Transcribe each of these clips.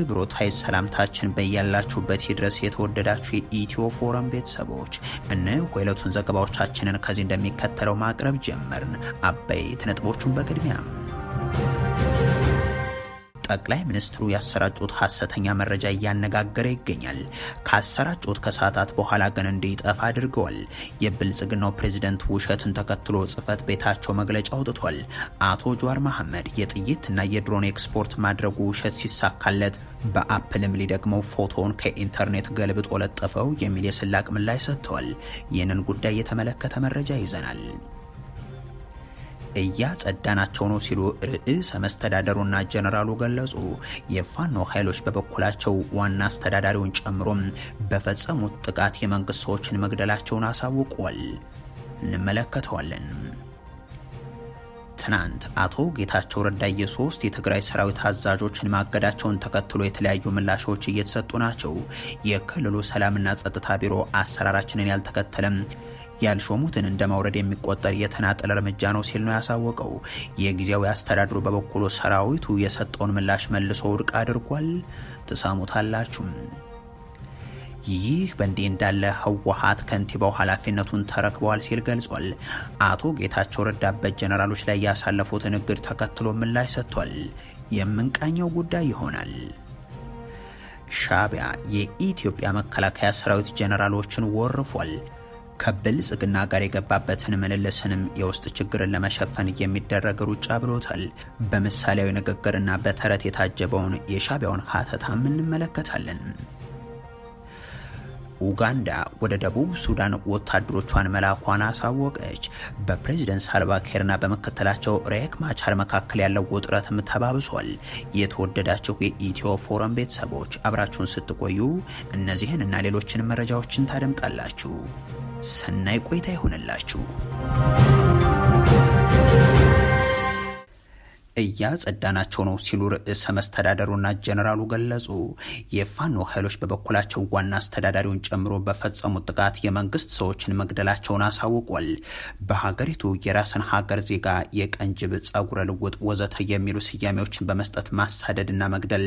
አክብሮታይ ሰላምታችን በያላችሁበት ይድረስ። የተወደዳችሁ የኢትዮ ፎረም ቤተሰቦች እነሆ የዕለቱን ዘገባዎቻችንን ከዚህ እንደሚከተለው ማቅረብ ጀመርን። አበይት ነጥቦቹን በቅድሚያ ጠቅላይ ሚኒስትሩ ያሰራጩት ሀሰተኛ መረጃ እያነጋገረ ይገኛል። ካሰራጩት ከሰዓታት በኋላ ግን እንዲጠፋ አድርገዋል። የብልጽግናው ፕሬዝደንት ውሸትን ተከትሎ ጽህፈት ቤታቸው መግለጫ አውጥቷል። አቶ ጀዋር መሐመድ የጥይትና የድሮን ኤክስፖርት ማድረጉ ውሸት ሲሳካለት በአፕልም ሊደግመው ፎቶውን ከኢንተርኔት ገልብጦ ለጠፈው የሚል የስላቅ ምላሽ ሰጥተዋል። ይህንን ጉዳይ የተመለከተ መረጃ ይዘናል። እያጸዳናቸው ነው ሲሉ ርዕሰ መስተዳደሩና ጀነራሉ ገለጹ። የፋኖ ኃይሎች በበኩላቸው ዋና አስተዳዳሪውን ጨምሮም በፈጸሙት ጥቃት የመንግስት ሰዎችን መግደላቸውን አሳውቋል። እንመለከተዋለን። ትናንት አቶ ጌታቸው ረዳ የሶስት የትግራይ ሰራዊት አዛዦችን ማገዳቸውን ተከትሎ የተለያዩ ምላሾች እየተሰጡ ናቸው። የክልሉ ሰላምና ጸጥታ ቢሮ አሰራራችንን ያልተከተለም ያልሾሙትን እንደ ማውረድ የሚቆጠር የተናጠለ እርምጃ ነው ሲል ነው ያሳወቀው። የጊዜያዊ አስተዳድሩ በበኩሉ ሰራዊቱ የሰጠውን ምላሽ መልሶ ውድቅ አድርጓል። ትሰሙታላችሁም። ይህ በእንዲህ እንዳለ ህወሓት ከንቲባው ኃላፊነቱን ተረክበዋል ሲል ገልጿል። አቶ ጌታቸው ረዳበት ጀነራሎች ላይ ያሳለፉትን እግድ ተከትሎ ምላሽ ሰጥቷል። የምንቃኘው ጉዳይ ይሆናል። ሻቢያ የኢትዮጵያ መከላከያ ሰራዊት ጀነራሎችን ወርፏል። ከብልጽግና ጋር የገባበትን ምልልስንም የውስጥ ችግርን ለመሸፈን የሚደረግ ሩጫ ብሎታል። በምሳሌያዊ ንግግርና በተረት የታጀበውን የሻቢያውን ሀተታም እንመለከታለን። ኡጋንዳ ወደ ደቡብ ሱዳን ወታደሮቿን መላኳን አሳወቀች። በፕሬዝደንት ሳልቫኪርና በምክትላቸው ሬክ ማቻር መካከል ያለው ውጥረትም ተባብሷል። የተወደዳቸው የኢትዮ ፎረም ቤተሰቦች አብራችሁን ስትቆዩ እነዚህን እና ሌሎችን መረጃዎችን ታደምጣላችሁ። ሰናይ ቆይታ ይሆንላችሁ። እያጸዳናቸው ነው ሲሉ ርዕሰ መስተዳደሩና ጀኔራሉ ገለጹ። የፋኖ ኃይሎች በበኩላቸው ዋና አስተዳዳሪውን ጨምሮ በፈጸሙት ጥቃት የመንግስት ሰዎችን መግደላቸውን አሳውቋል። በሀገሪቱ የራስን ሀገር ዜጋ የቀንጅብ፣ ጸጉረ ልውጥ ወዘተ የሚሉ ስያሜዎችን በመስጠት ማሳደድና መግደል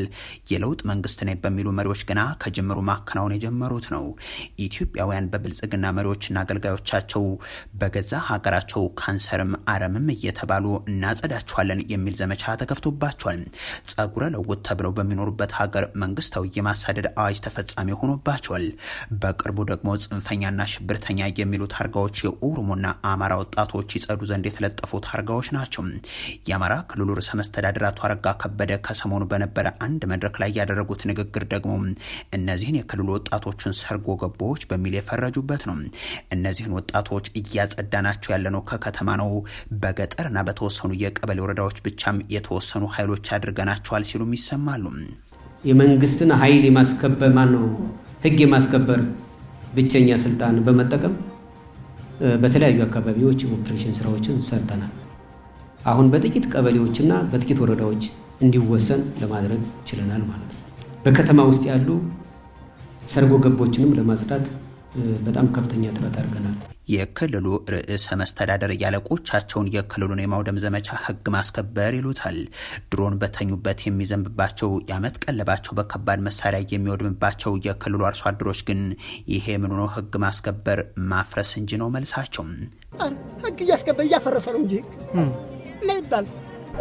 የለውጥ መንግስት ነኝ በሚሉ መሪዎች ግና ከጅምሩ ማከናወን የጀመሩት ነው። ኢትዮጵያውያን በብልጽግና መሪዎችና አገልጋዮቻቸው በገዛ ሀገራቸው ካንሰርም አረምም እየተባሉ እናጸዳቸዋለን የሚል ዘመቻ ተከፍቶባቸዋል። ጸጉረ ልውጥ ተብለው በሚኖሩበት ሀገር መንግስታዊ የማሳደድ አዋጅ ተፈጻሚ ሆኖባቸዋል። በቅርቡ ደግሞ ጽንፈኛና ሽብርተኛ የሚሉ ታርጋዎች የኦሮሞና አማራ ወጣቶች ይጸዱ ዘንድ የተለጠፉ ታርጋዎች ናቸው። የአማራ ክልሉ ርዕሰ መስተዳድር አቶ አረጋ ከበደ ከሰሞኑ በነበረ አንድ መድረክ ላይ ያደረጉት ንግግር ደግሞ እነዚህን የክልሉ ወጣቶችን ሰርጎ ገቦዎች በሚል የፈረጁበት ነው። እነዚህን ወጣቶች እያጸዳናቸው ያለነው ከከተማ ነው፣ በገጠርና በተወሰኑ የቀበሌ ወረዳዎች ብቻ እንዲሳካም የተወሰኑ ኃይሎች አድርገናቸዋል ሲሉም ይሰማሉ። የመንግስትን ኃይል የማስከበር ማን ነው ህግ የማስከበር ብቸኛ ስልጣን በመጠቀም በተለያዩ አካባቢዎች ኦፕሬሽን ስራዎችን ሰርተናል። አሁን በጥቂት ቀበሌዎችና በጥቂት ወረዳዎች እንዲወሰን ለማድረግ ችለናል ማለት ነው። በከተማ ውስጥ ያሉ ሰርጎ ገቦችንም ለማጽዳት በጣም ከፍተኛ ጥረት አድርገናል። የክልሉ ርዕሰ መስተዳደር ያለቆቻቸውን የክልሉን የማውደም ዘመቻ ህግ ማስከበር ይሉታል። ድሮን በተኙበት የሚዘንብባቸው የአመት ቀለባቸው በከባድ መሳሪያ የሚወድምባቸው የክልሉ አርሶ አደሮች ግን ይሄ ምን ሆኖ ህግ ማስከበር ማፍረስ እንጂ ነው መልሳቸው። ህግ እያስከበር እያፈረሰ ነው እንጂ ምን ይባል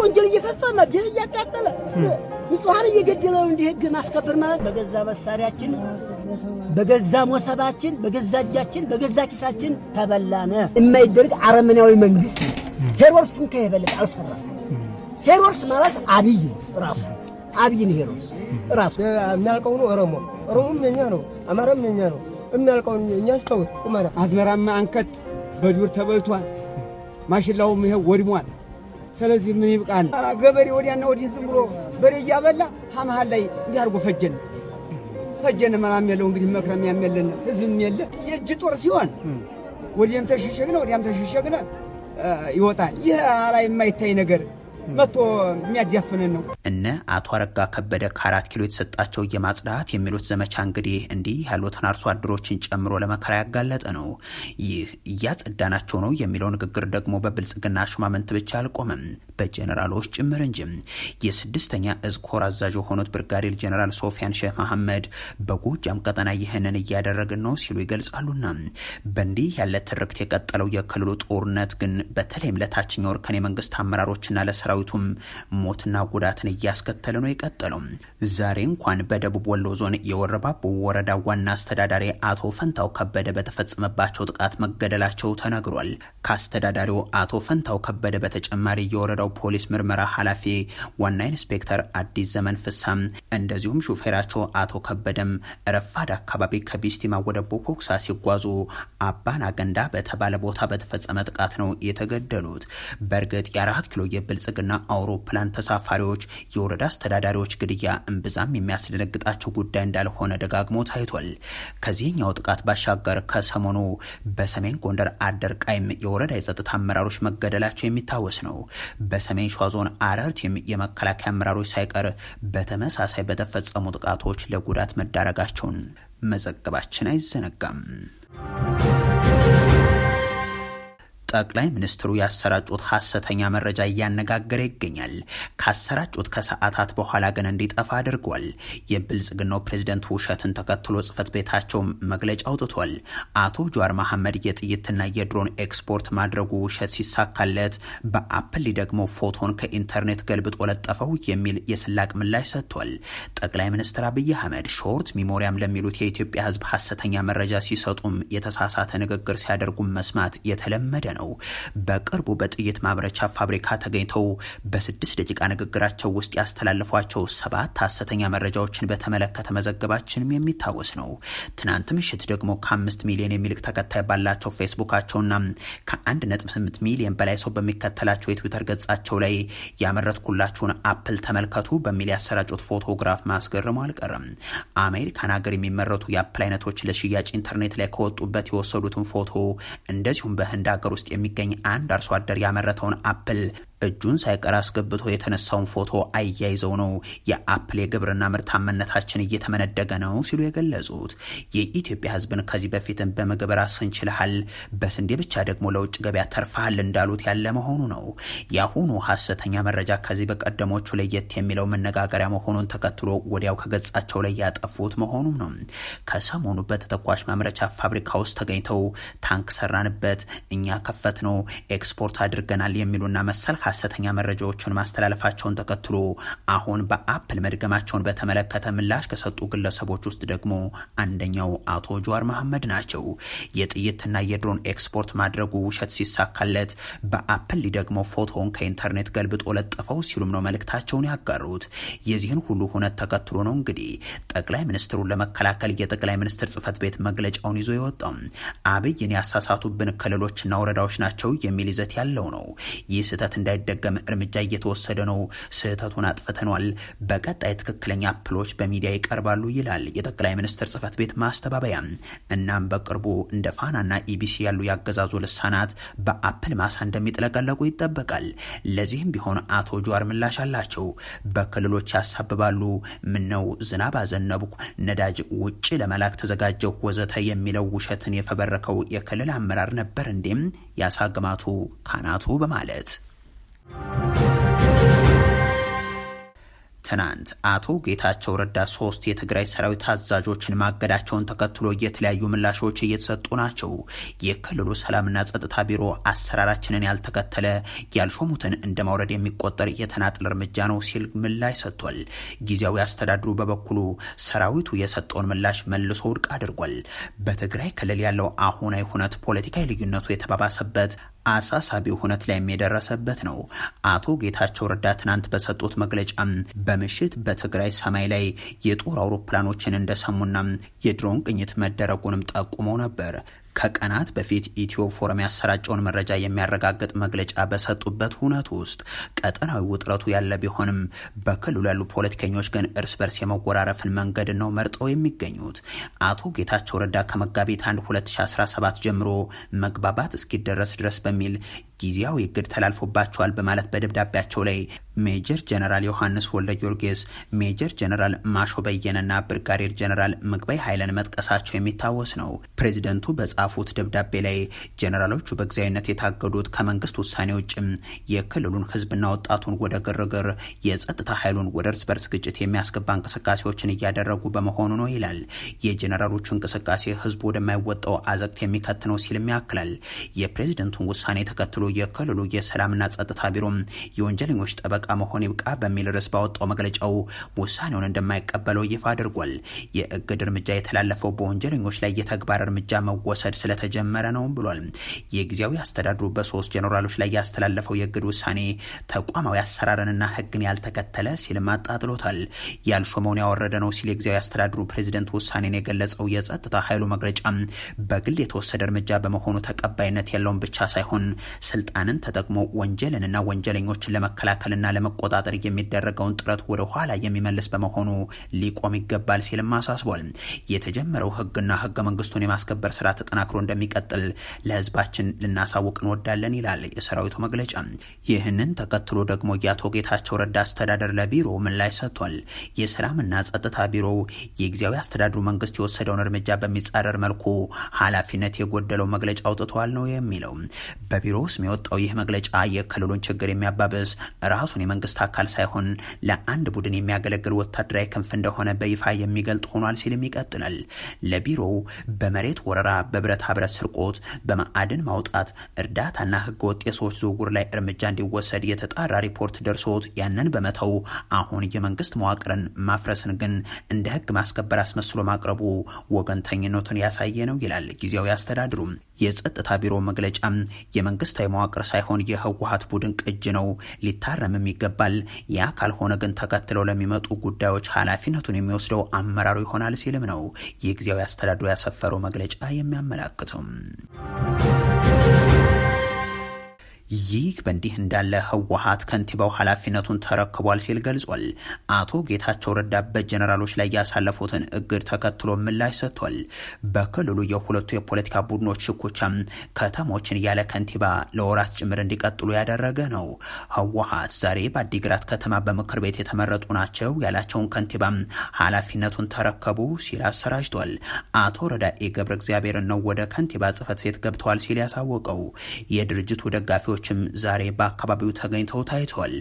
ወንጀል እየፈጸመ እያቃጠለ ንጹሐን እየገደለው እንዲህ ህግ ማስከበር ማለት በገዛ መሳሪያችን፣ በገዛ ሞሰባችን፣ በገዛ እጃችን፣ በገዛ ኪሳችን ተበላነ። የማይደረግ አረመናዊ መንግስት ሄሮድስም ከየበለጠ አልሰራ። ሄሮድስ ማለት አብይ ራሱ አብይን ሄሮድስ ራሱ የሚያልቀው ነው። ኦሮሞ ኦሮሞም የኛ ነው፣ አማራም የኛ ነው። የሚያልቀው እኛ ስተውት ቁመና አዝመራማ አንከት በዱር ተበልቷል። ማሽላውም ይሄ ወድሟል። ስለዚህ ምን ይብቃል ገበሬ ወዲያና ወዲህ ዝም ብሎ በሬ እያበላ ሀመሃል ላይ እንዲያርጎ ፈጀን ፈጀን መራም የለው እንግዲህ መክረም ያመለን ህዝብም የለ የእጅ ጦር ሲሆን ወዲህም ተሸሸግነ ወዲያም ተሸሸግነ ይወጣል። ይህ ላይ የማይታይ ነገር መጥቶ የሚያዳፍንን ነው። እነ አቶ አረጋ ከበደ ከአራት ኪሎ የተሰጣቸው የማጽዳት የሚሉት ዘመቻ እንግዲህ እንዲህ ያሉትን አርሶ አደሮችን ጨምሮ ለመከራ ያጋለጠ ነው። ይህ እያጸዳናቸው ነው የሚለው ንግግር ደግሞ በብልጽግና ሹማምንት ብቻ አልቆመም። በጀነራሎች ጭምር እንጂ። የስድስተኛ እዝ ኮር አዛዥ የሆኑት ብርጋዴር ጀነራል ሶፊያን ሼህ መሐመድ በጎጃም ቀጠና ይህንን እያደረግን ነው ሲሉ ይገልጻሉና በእንዲህ ያለ ትርክት የቀጠለው የክልሉ ጦርነት ግን በተለይም ለታችኛው እርከን የመንግስት አመራሮችና ለሰራዊቱም ሞትና ጉዳትን እያስከተለ ነው የቀጠለው። ዛሬ እንኳን በደቡብ ወሎ ዞን የወረባቦ ወረዳ ዋና አስተዳዳሪ አቶ ፈንታው ከበደ በተፈጸመባቸው ጥቃት መገደላቸው ተነግሯል። ከአስተዳዳሪው አቶ ፈንታው ከበደ በተጨማሪ የወረዳ የወረዳው ፖሊስ ምርመራ ኃላፊ ዋና ኢንስፔክተር አዲስ ዘመን ፍሳም እንደዚሁም ሹፌራቸው አቶ ከበደም ረፋድ አካባቢ ከቢስቲማ ወደ ቦኮክሳ ሲጓዙ አባን አገንዳ በተባለ ቦታ በተፈጸመ ጥቃት ነው የተገደሉት። በእርግጥ የአራት ኪሎ የብልጽግና አውሮፕላን ተሳፋሪዎች የወረዳ አስተዳዳሪዎች ግድያ እምብዛም የሚያስደነግጣቸው ጉዳይ እንዳልሆነ ደጋግሞ ታይቷል። ከዚህኛው ጥቃት ባሻገር ከሰሞኑ በሰሜን ጎንደር አደርቃይም የወረዳ የጸጥታ አመራሮች መገደላቸው የሚታወስ ነው። በሰሜን ሸዋ ዞን አረርቲም የመከላከያ አመራሮች ሳይቀር በተመሳሳይ በተፈጸሙ ጥቃቶች ለጉዳት መዳረጋቸውን መዘገባችን አይዘነጋም። ጠቅላይ ሚኒስትሩ ያሰራጩት ሀሰተኛ መረጃ እያነጋገረ ይገኛል። ካሰራጩት ከሰዓታት በኋላ ግን እንዲጠፋ አድርጓል። የብልጽግናው ፕሬዝደንት ውሸትን ተከትሎ ጽህፈት ቤታቸው መግለጫ አውጥቷል። አቶ ጀዋር መሐመድ የጥይትና የድሮን ኤክስፖርት ማድረጉ ውሸት ሲሳካለት፣ በአፕል ደግሞ ፎቶን ከኢንተርኔት ገልብጦ ለጠፈው የሚል የስላቅ ምላሽ ሰጥቷል። ጠቅላይ ሚኒስትር አብይ አህመድ ሾርት ሚሞሪያም ለሚሉት የኢትዮጵያ ህዝብ ሀሰተኛ መረጃ ሲሰጡም የተሳሳተ ንግግር ሲያደርጉም መስማት የተለመደ ነው። ነው። በቅርቡ በጥይት ማምረቻ ፋብሪካ ተገኝተው በስድስት ደቂቃ ንግግራቸው ውስጥ ያስተላለፏቸው ሰባት ሐሰተኛ መረጃዎችን በተመለከተ መዘገባችንም የሚታወስ ነው። ትናንት ምሽት ደግሞ ከአምስት ሚሊዮን የሚልቅ ተከታይ ባላቸው ፌስቡካቸውና ከአንድ ነጥብ ስምንት ሚሊዮን በላይ ሰው በሚከተላቸው የትዊተር ገጻቸው ላይ ያመረትኩላችሁን አፕል ተመልከቱ በሚል ያሰራጩት ፎቶግራፍ ማስገርሙ አልቀረም። አሜሪካን ሀገር የሚመረቱ የአፕል አይነቶች ለሽያጭ ኢንተርኔት ላይ ከወጡበት የወሰዱትን ፎቶ እንደዚሁም በህንድ ሀገር ውስጥ የሚገኝ አንድ አርሶ አደር ያመረተውን አፕል እጁን ሳይቀር አስገብቶ የተነሳውን ፎቶ አያይዘው ነው የአፕል የግብርና ምርታማነታችን እየተመነደገ ነው ሲሉ የገለጹት። የኢትዮጵያ ሕዝብን ከዚህ በፊትም በምግብ ራስ እንችልሃል፣ በስንዴ ብቻ ደግሞ ለውጭ ገበያ ተርፈሃል እንዳሉት ያለ መሆኑ ነው። የአሁኑ ሀሰተኛ መረጃ ከዚህ በቀደሞቹ ለየት የሚለው መነጋገሪያ መሆኑን ተከትሎ ወዲያው ከገጻቸው ላይ ያጠፉት መሆኑም ነው። ከሰሞኑ በተተኳሽ ማምረቻ ፋብሪካ ውስጥ ተገኝተው ታንክ ሰራንበት፣ እኛ ከፈት ነው፣ ኤክስፖርት አድርገናል የሚሉና መሰል ሐሰተኛ መረጃዎችን ማስተላለፋቸውን ተከትሎ አሁን በአፕል መድገማቸውን በተመለከተ ምላሽ ከሰጡ ግለሰቦች ውስጥ ደግሞ አንደኛው አቶ ጀዋር መሐመድ ናቸው። የጥይትና የድሮን ኤክስፖርት ማድረጉ ውሸት ሲሳካለት በአፕል ሊደግመው ፎቶውን ከኢንተርኔት ገልብጦ ለጠፈው ሲሉም ነው መልእክታቸውን ያጋሩት። የዚህን ሁሉ ሁነት ተከትሎ ነው እንግዲህ ጠቅላይ ሚኒስትሩን ለመከላከል የጠቅላይ ሚኒስትር ጽህፈት ቤት መግለጫውን ይዞ የወጣው አብይን ያሳሳቱብን ክልሎችና ወረዳዎች ናቸው የሚል ይዘት ያለው ነው። ይህ ስህተት እንዳይ እንዳይደገም እርምጃ እየተወሰደ ነው። ስህተቱን አጥፍተኗል። በቀጣይ ትክክለኛ አፕሎች በሚዲያ ይቀርባሉ ይላል የጠቅላይ ሚኒስትር ጽህፈት ቤት ማስተባበያ። እናም በቅርቡ እንደ ፋናና ኢቢሲ ያሉ ያገዛዙ ልሳናት በአፕል ማሳ እንደሚጥለቀለቁ ይጠበቃል። ለዚህም ቢሆን አቶ ጀዋር ምላሽ አላቸው። በክልሎች ያሳብባሉ። ምነው ዝናብ አዘነብኩ፣ ነዳጅ ውጭ ለመላክ ተዘጋጀሁ፣ ወዘተ የሚለው ውሸትን የፈበረከው የክልል አመራር ነበር እንዴም ያሳግማቱ ካናቱ በማለት ትናንት አቶ ጌታቸው ረዳ ሶስት የትግራይ ሰራዊት አዛዦችን ማገዳቸውን ተከትሎ የተለያዩ ምላሾች እየተሰጡ ናቸው። የክልሉ ሰላምና ጸጥታ ቢሮ አሰራራችንን ያልተከተለ ያልሾሙትን እንደ ማውረድ የሚቆጠር የተናጥል እርምጃ ነው ሲል ምላሽ ሰጥቷል። ጊዜያዊ አስተዳድሩ በበኩሉ ሰራዊቱ የሰጠውን ምላሽ መልሶ ውድቅ አድርጓል። በትግራይ ክልል ያለው አሁናዊ ሁነት ፖለቲካዊ ልዩነቱ የተባባሰበት አሳሳቢ ሁነት ላይም የደረሰበት ነው። አቶ ጌታቸው ረዳ ትናንት በሰጡት መግለጫ በምሽት በትግራይ ሰማይ ላይ የጦር አውሮፕላኖችን እንደሰሙና የድሮን ቅኝት መደረጉንም ጠቁመው ነበር። ከቀናት በፊት ኢትዮ ፎረም ያሰራጨውን መረጃ የሚያረጋግጥ መግለጫ በሰጡበት ሁነት ውስጥ ቀጠናዊ ውጥረቱ ያለ ቢሆንም በክልሉ ያሉ ፖለቲከኞች ግን እርስ በርስ የመጎራረፍን መንገድ ነው መርጠው የሚገኙት። አቶ ጌታቸው ረዳ ከመጋቢት 1 2017 ጀምሮ መግባባት እስኪደረስ ድረስ በሚል ጊዜያዊ እግድ ተላልፎባቸዋል በማለት በደብዳቤያቸው ላይ ሜጀር ጀነራል ዮሐንስ ወልደ ጊዮርጊስ፣ ሜጀር ጀነራል ማሾ በየነና ብርጋዴር ጀነራል ምግባይ ኃይለን መጥቀሳቸው የሚታወስ ነው። ፕሬዚደንቱ በጻፉት ደብዳቤ ላይ ጀነራሎቹ በጊዜያዊነት የታገዱት ከመንግስት ውሳኔ ውጭም የክልሉን ህዝብና ወጣቱን ወደ ግርግር፣ የጸጥታ ኃይሉን ወደ እርስ በርስ ግጭት የሚያስገባ እንቅስቃሴዎችን እያደረጉ በመሆኑ ነው ይላል። የጀነራሎቹ እንቅስቃሴ ህዝቡ ወደማይወጣው አዘቅት የሚከት ነው ሲልም ያክላል። የፕሬዚደንቱን ውሳኔ ተከትሎ ተከትሎ የክልሉ የሰላምና ጸጥታ ቢሮ የወንጀለኞች ጠበቃ መሆን ይብቃ በሚል ርዕስ ባወጣው መግለጫው ውሳኔውን እንደማይቀበለው ይፋ አድርጓል። የእግድ እርምጃ የተላለፈው በወንጀለኞች ላይ የተግባር እርምጃ መወሰድ ስለተጀመረ ነው ብሏል። የጊዜያዊ አስተዳድሩ በሶስት ጀኔራሎች ላይ ያስተላለፈው የእግድ ውሳኔ ተቋማዊ አሰራርንና ህግን ያልተከተለ ሲልም አጣጥሎታል። ያልሾመውን ያወረደ ነው ሲል የጊዜያዊ አስተዳድሩ ፕሬዚደንት ውሳኔን የገለጸው የጸጥታ ኃይሉ መግለጫ በግል የተወሰደ እርምጃ በመሆኑ ተቀባይነት የለውም ብቻ ሳይሆን ስልጣንን ተጠቅሞ ወንጀልንና ወንጀለኞችን ለመከላከልና ለመቆጣጠር የሚደረገውን ጥረት ወደ ኋላ የሚመልስ በመሆኑ ሊቆም ይገባል ሲልም አሳስቧል። የተጀመረው ህግና ህገ መንግስቱን የማስከበር ስራ ተጠናክሮ እንደሚቀጥል ለህዝባችን ልናሳውቅ እንወዳለን ይላል የሰራዊቱ መግለጫ። ይህንን ተከትሎ ደግሞ የአቶ ጌታቸው ረዳ አስተዳደር ለቢሮ ምላሽ ሰጥቷል። የሰላምና ጸጥታ ቢሮ የጊዜያዊ አስተዳደሩ መንግስት የወሰደውን እርምጃ በሚጻረር መልኩ ኃላፊነት የጎደለው መግለጫ አውጥተዋል ነው የሚለው በቢሮ ውስጥ ተጠቅሞ የወጣው ይህ መግለጫ የክልሉን ችግር የሚያባብስ ራሱን የመንግስት አካል ሳይሆን ለአንድ ቡድን የሚያገለግል ወታደራዊ ክንፍ እንደሆነ በይፋ የሚገልጥ ሆኗል ሲልም ይቀጥላል። ለቢሮው በመሬት ወረራ፣ በብረታ ብረት ስርቆት፣ በማዕድን ማውጣት፣ እርዳታና ህገወጥ የሰዎች ዝውውር ላይ እርምጃ እንዲወሰድ የተጣራ ሪፖርት ደርሶት ያንን በመተው አሁን የመንግስት መዋቅርን ማፍረስን ግን እንደ ህግ ማስከበር አስመስሎ ማቅረቡ ወገንተኝነቱን ያሳየ ነው ይላል ጊዜያዊ አስተዳድሩም የጸጥታ ቢሮ መግለጫ የመንግስታዊ መዋቅር ሳይሆን የህወሀት ቡድን ቅጅ ነው፣ ሊታረምም ይገባል። ያ ካልሆነ ግን ተከትለው ለሚመጡ ጉዳዮች ኃላፊነቱን የሚወስደው አመራሩ ይሆናል ሲልም ነው የጊዜያዊ አስተዳደሩ ያሰፈረው መግለጫ የሚያመላክተው። ይህ በእንዲህ እንዳለ ህወሀት ከንቲባው ኃላፊነቱን ተረክቧል ሲል ገልጿል። አቶ ጌታቸው ረዳ በጀኔራሎች ላይ ያሳለፉትን እግድ ተከትሎ ምላሽ ሰጥቷል። በክልሉ የሁለቱ የፖለቲካ ቡድኖች ሽኩቻም ከተሞችን ያለ ከንቲባ ለወራት ጭምር እንዲቀጥሉ ያደረገ ነው። ህወሀት ዛሬ በአዲግራት ከተማ በምክር ቤት የተመረጡ ናቸው ያላቸውን ከንቲባም ኃላፊነቱን ተረከቡ ሲል አሰራጅቷል። አቶ ረዳኤ ገብረ እግዚአብሔርን ነው ወደ ከንቲባ ጽህፈት ቤት ገብተዋል ሲል ያሳወቀው የድርጅቱ ደጋፊዎች ኃይሎችም ዛሬ በአካባቢው ተገኝተው ታይተዋል።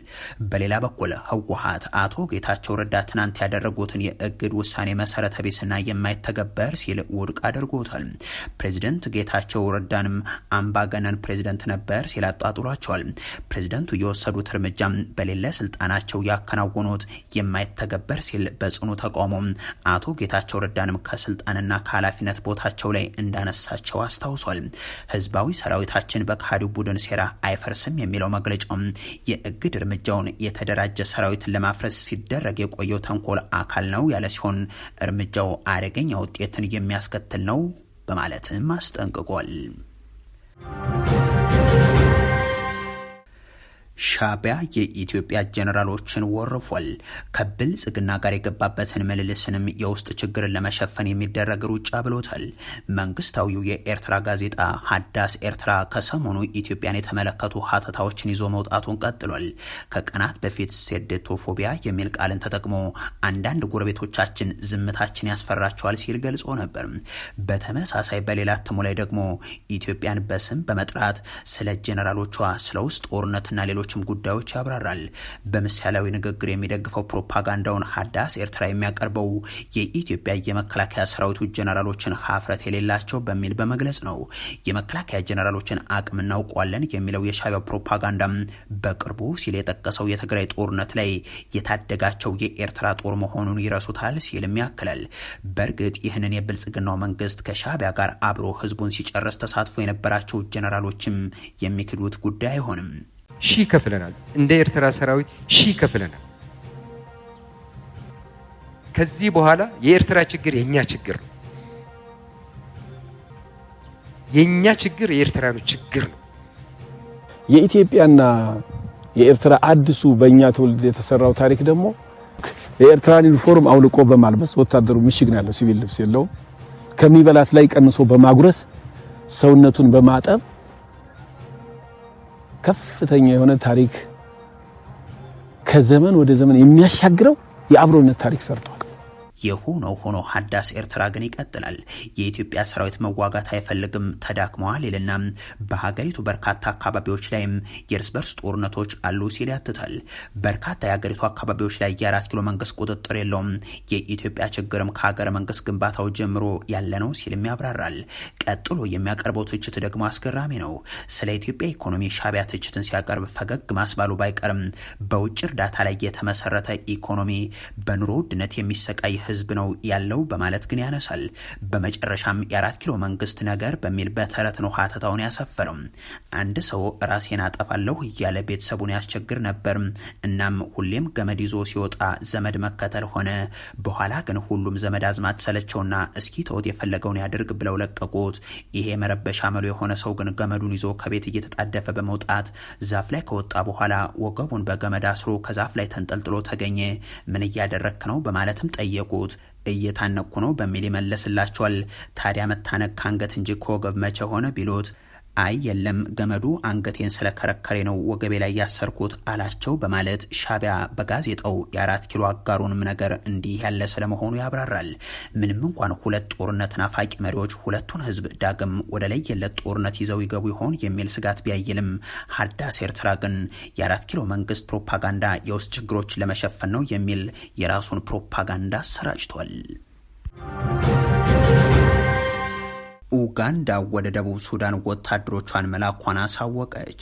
በሌላ በኩል ህወሓት አቶ ጌታቸው ረዳ ትናንት ያደረጉትን የእግድ ውሳኔ መሰረተ ቢስና የማይተገበር ሲል ውድቅ አድርጎታል። ፕሬዚደንት ጌታቸው ረዳንም አምባገነን ፕሬዚደንት ነበር ሲል አጣጥሏቸዋል። ፕሬዚደንቱ የወሰዱት እርምጃም በሌለ ስልጣናቸው ያከናወኑት የማይተገበር ሲል በጽኑ ተቃውሞ አቶ ጌታቸው ረዳንም ከስልጣንና ከኃላፊነት ቦታቸው ላይ እንዳነሳቸው አስታውሷል። ህዝባዊ ሰራዊታችን በካሃዲው ቡድን ሴራ አይፈርስም የሚለው መግለጫውም የእግድ እርምጃውን የተደራጀ ሰራዊትን ለማፍረስ ሲደረግ የቆየው ተንኮል አካል ነው ያለ ሲሆን እርምጃው አደገኛ ውጤትን የሚያስከትል ነው በማለትም አስጠንቅቋል። ሻቢያ የኢትዮጵያ ጀኔራሎችን ወርፏል። ከብልጽግና ጋር የገባበትን ምልልስንም የውስጥ ችግርን ለመሸፈን የሚደረግ ሩጫ ብሎታል። መንግስታዊው የኤርትራ ጋዜጣ ሀዳስ ኤርትራ ከሰሞኑ ኢትዮጵያን የተመለከቱ ሀተታዎችን ይዞ መውጣቱን ቀጥሏል። ከቀናት በፊት ሴደቶፎቢያ የሚል ቃልን ተጠቅሞ አንዳንድ ጎረቤቶቻችን ዝምታችን ያስፈራቸዋል ሲል ገልጾ ነበር። በተመሳሳይ በሌላ እትሙ ላይ ደግሞ ኢትዮጵያን በስም በመጥራት ስለ ጀኔራሎቿ ስለ ውስጥ ጦርነትና ሌሎች ሌሎችም ጉዳዮች ያብራራል። በምሳሌያዊ ንግግር የሚደግፈው ፕሮፓጋንዳውን ሀዳስ ኤርትራ የሚያቀርበው የኢትዮጵያ የመከላከያ ሰራዊቱ ጀነራሎችን ሀፍረት የሌላቸው በሚል በመግለጽ ነው። የመከላከያ ጀነራሎችን አቅም እናውቋለን የሚለው የሻቢያ ፕሮፓጋንዳ በቅርቡ ሲል የጠቀሰው የትግራይ ጦርነት ላይ የታደጋቸው የኤርትራ ጦር መሆኑን ይረሱታል ሲልም ያክላል። በእርግጥ ይህንን የብልጽግናው መንግስት ከሻቢያ ጋር አብሮ ህዝቡን ሲጨርስ ተሳትፎ የነበራቸው ጀነራሎችም የሚክዱት ጉዳይ አይሆንም። ሺህ ከፍለናል። እንደ ኤርትራ ሰራዊት ሺህ ከፍለናል። ከዚህ በኋላ የኤርትራ ችግር የእኛ ችግር ነው። የእኛ ችግር የኤርትራኖች ችግር ነው። የኢትዮጵያና የኤርትራ አዲሱ በእኛ ትውልድ የተሰራው ታሪክ ደግሞ የኤርትራን ዩኒፎርም አውልቆ በማልበስ ወታደሩ ምሽግ ነው ያለው፣ ሲቪል ልብስ የለውም። ከሚበላት ላይ ቀንሶ በማጉረስ ሰውነቱን በማጠብ ከፍተኛ የሆነ ታሪክ ከዘመን ወደ ዘመን የሚያሻግረው የአብሮነት ታሪክ ሰርቷል። የሆኖ ሆኖ ሀዳስ ኤርትራ ግን ይቀጥላል። የኢትዮጵያ ሰራዊት መዋጋት አይፈልግም ተዳክመዋል ይልና በሀገሪቱ በርካታ አካባቢዎች ላይም የእርስ በርስ ጦርነቶች አሉ ሲል ያትታል። በርካታ የሀገሪቱ አካባቢዎች ላይ የአራት ኪሎ መንግስት ቁጥጥር የለውም። የኢትዮጵያ ችግርም ከሀገረ መንግስት ግንባታው ጀምሮ ያለ ነው ሲልም ያብራራል። ቀጥሎ የሚያቀርበው ትችት ደግሞ አስገራሚ ነው። ስለ ኢትዮጵያ ኢኮኖሚ ሻቢያ ትችትን ሲያቀርብ ፈገግ ማስባሉ ባይቀርም በውጭ እርዳታ ላይ የተመሰረተ ኢኮኖሚ፣ በኑሮ ውድነት የሚሰቃይ ህዝብ ነው ያለው በማለት ግን ያነሳል። በመጨረሻም የአራት ኪሎ መንግስት ነገር በሚል በተረት ነው ሀተታውን ያሰፈርም። አንድ ሰው ራሴን አጠፋለሁ እያለ ቤተሰቡን ያስቸግር ነበር። እናም ሁሌም ገመድ ይዞ ሲወጣ ዘመድ መከተል ሆነ። በኋላ ግን ሁሉም ዘመድ አዝማት ሰለቸውና እስኪ ተውት የፈለገውን ያድርግ ብለው ለቀቁት። ይሄ መረበሻ መሉ የሆነ ሰው ግን ገመዱን ይዞ ከቤት እየተጣደፈ በመውጣት ዛፍ ላይ ከወጣ በኋላ ወገቡን በገመድ አስሮ ከዛፍ ላይ ተንጠልጥሎ ተገኘ። ምን እያደረክ ነው በማለትም ጠየቁ። የመጡት እየታነኩ ነው በሚል ይመለስላቸዋል። ታዲያ መታነቅ ከአንገት እንጂ ከወገብ መቼ ሆነ ቢሉት አይ የለም ገመዱ አንገቴን ስለከረከሬ ነው ወገቤ ላይ ያሰርኩት አላቸው በማለት ሻቢያ በጋዜጣው የአራት ኪሎ አጋሩንም ነገር እንዲህ ያለ ስለመሆኑ ያብራራል። ምንም እንኳን ሁለት ጦርነት ናፋቂ መሪዎች ሁለቱን ህዝብ ዳግም ወደ ለየለት ጦርነት ይዘው ይገቡ ይሆን የሚል ስጋት ቢያይልም፣ ሀዳስ ኤርትራ ግን የአራት ኪሎ መንግስት ፕሮፓጋንዳ የውስጥ ችግሮች ለመሸፈን ነው የሚል የራሱን ፕሮፓጋንዳ አሰራጭቷል። ኡጋንዳ ወደ ደቡብ ሱዳን ወታደሮቿን መላኳን አሳወቀች።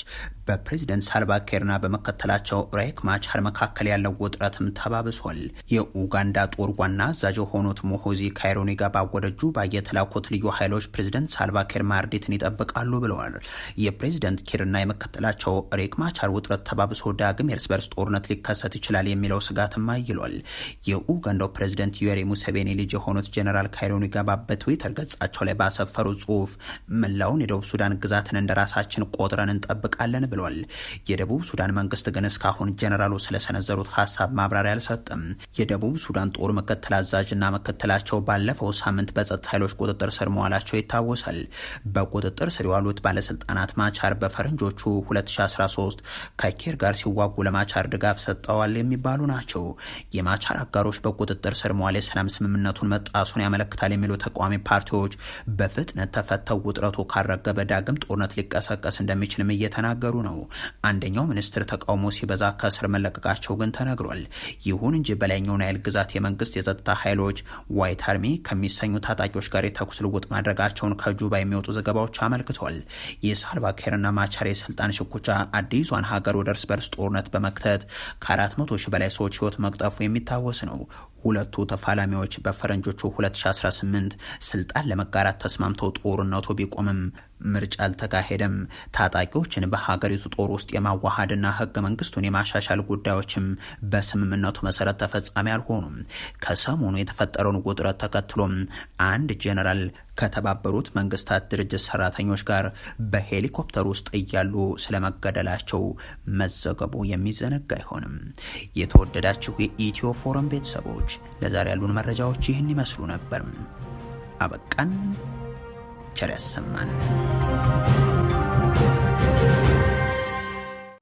በፕሬዚደንት ሳልቫኪርና በመከተላቸው ሪክ ማቻር መካከል ያለው ውጥረትም ተባብሷል። የኡጋንዳ ጦር ዋና አዛዥ የሆኑት ሞሆዚ ካይሮኒጋ ባወደጁ ባየተላኩት ልዩ ኃይሎች ፕሬዚደንት ሳልቫኪር ማርዲትን ይጠብቃሉ ብለዋል። የፕሬዚደንት ኪርና የመከተላቸው ሪክ ማቻር ውጥረት ተባብሶ ዳግም የእርስ በርስ ጦርነት ሊከሰት ይችላል የሚለው ስጋትም አይሏል። የኡጋንዳው ፕሬዚደንት ዩዌሪ ሙሴቬኒ ልጅ የሆኑት ጀኔራል ካይሮኒጋ በትዊተር ገጻቸው ላይ ባሰፈሩ ጽሁፍ መላውን የደቡብ ሱዳን ግዛትን እንደራሳችን ቆጥረን እንጠብቃለን ብለዋል። ብሏል። የደቡብ ሱዳን መንግስት ግን እስካሁን ጀነራሉ ስለሰነዘሩት ሀሳብ ማብራሪያ አልሰጥም። የደቡብ ሱዳን ጦር ምክትል አዛዥና ምክትላቸው ባለፈው ሳምንት በጸጥታ ኃይሎች ቁጥጥር ስር መዋላቸው ይታወሳል። በቁጥጥር ስር የዋሉት ባለስልጣናት ማቻር በፈረንጆቹ 2013 ከኬር ጋር ሲዋጉ ለማቻር ድጋፍ ሰጠዋል የሚባሉ ናቸው። የማቻር አጋሮች በቁጥጥር ስር መዋል የሰላም ስምምነቱን መጣሱን ያመለክታል የሚሉ ተቃዋሚ ፓርቲዎች በፍጥነት ተፈተው ውጥረቱ ካረገበ ዳግም ጦርነት ሊቀሰቀስ እንደሚችልም እየተናገሩ ነው። ነው። አንደኛው ሚኒስትር ተቃውሞ ሲበዛ ከእስር መለቀቃቸው ግን ተነግሯል። ይሁን እንጂ በላይኛው ናይል ግዛት የመንግስት የጸጥታ ኃይሎች ዋይት አርሚ ከሚሰኙ ታጣቂዎች ጋር የተኩስ ልውውጥ ማድረጋቸውን ከጁባ የሚወጡ ዘገባዎች አመልክቷል። የሳልቫኪርና ማቻር የስልጣን ሽኩቻ አዲሷን ሀገር ወደ እርስ በርስ ጦርነት በመክተት ከ400 ሺህ በላይ ሰዎች ህይወት መቅጠፉ የሚታወስ ነው። ሁለቱ ተፋላሚዎች በፈረንጆቹ 2018 ስልጣን ለመጋራት ተስማምተው ጦርነቱ ቢቆምም ምርጫ አልተካሄደም። ታጣቂዎችን በሀገሪቱ ጦር ውስጥ የማዋሃድና ህገ መንግስቱን የማሻሻል ጉዳዮችም በስምምነቱ መሰረት ተፈጻሚ አልሆኑም። ከሰሞኑ የተፈጠረውን ውጥረት ተከትሎም አንድ ጄኔራል ከተባበሩት መንግስታት ድርጅት ሰራተኞች ጋር በሄሊኮፕተር ውስጥ እያሉ ስለመገደላቸው መዘገቡ የሚዘነጋ አይሆንም። የተወደዳችሁ የኢትዮ ፎረም ቤተሰቦች ለዛሬ ያሉን መረጃዎች ይህን ይመስሉ ነበር። አበቃን። ቸር ያሰማን።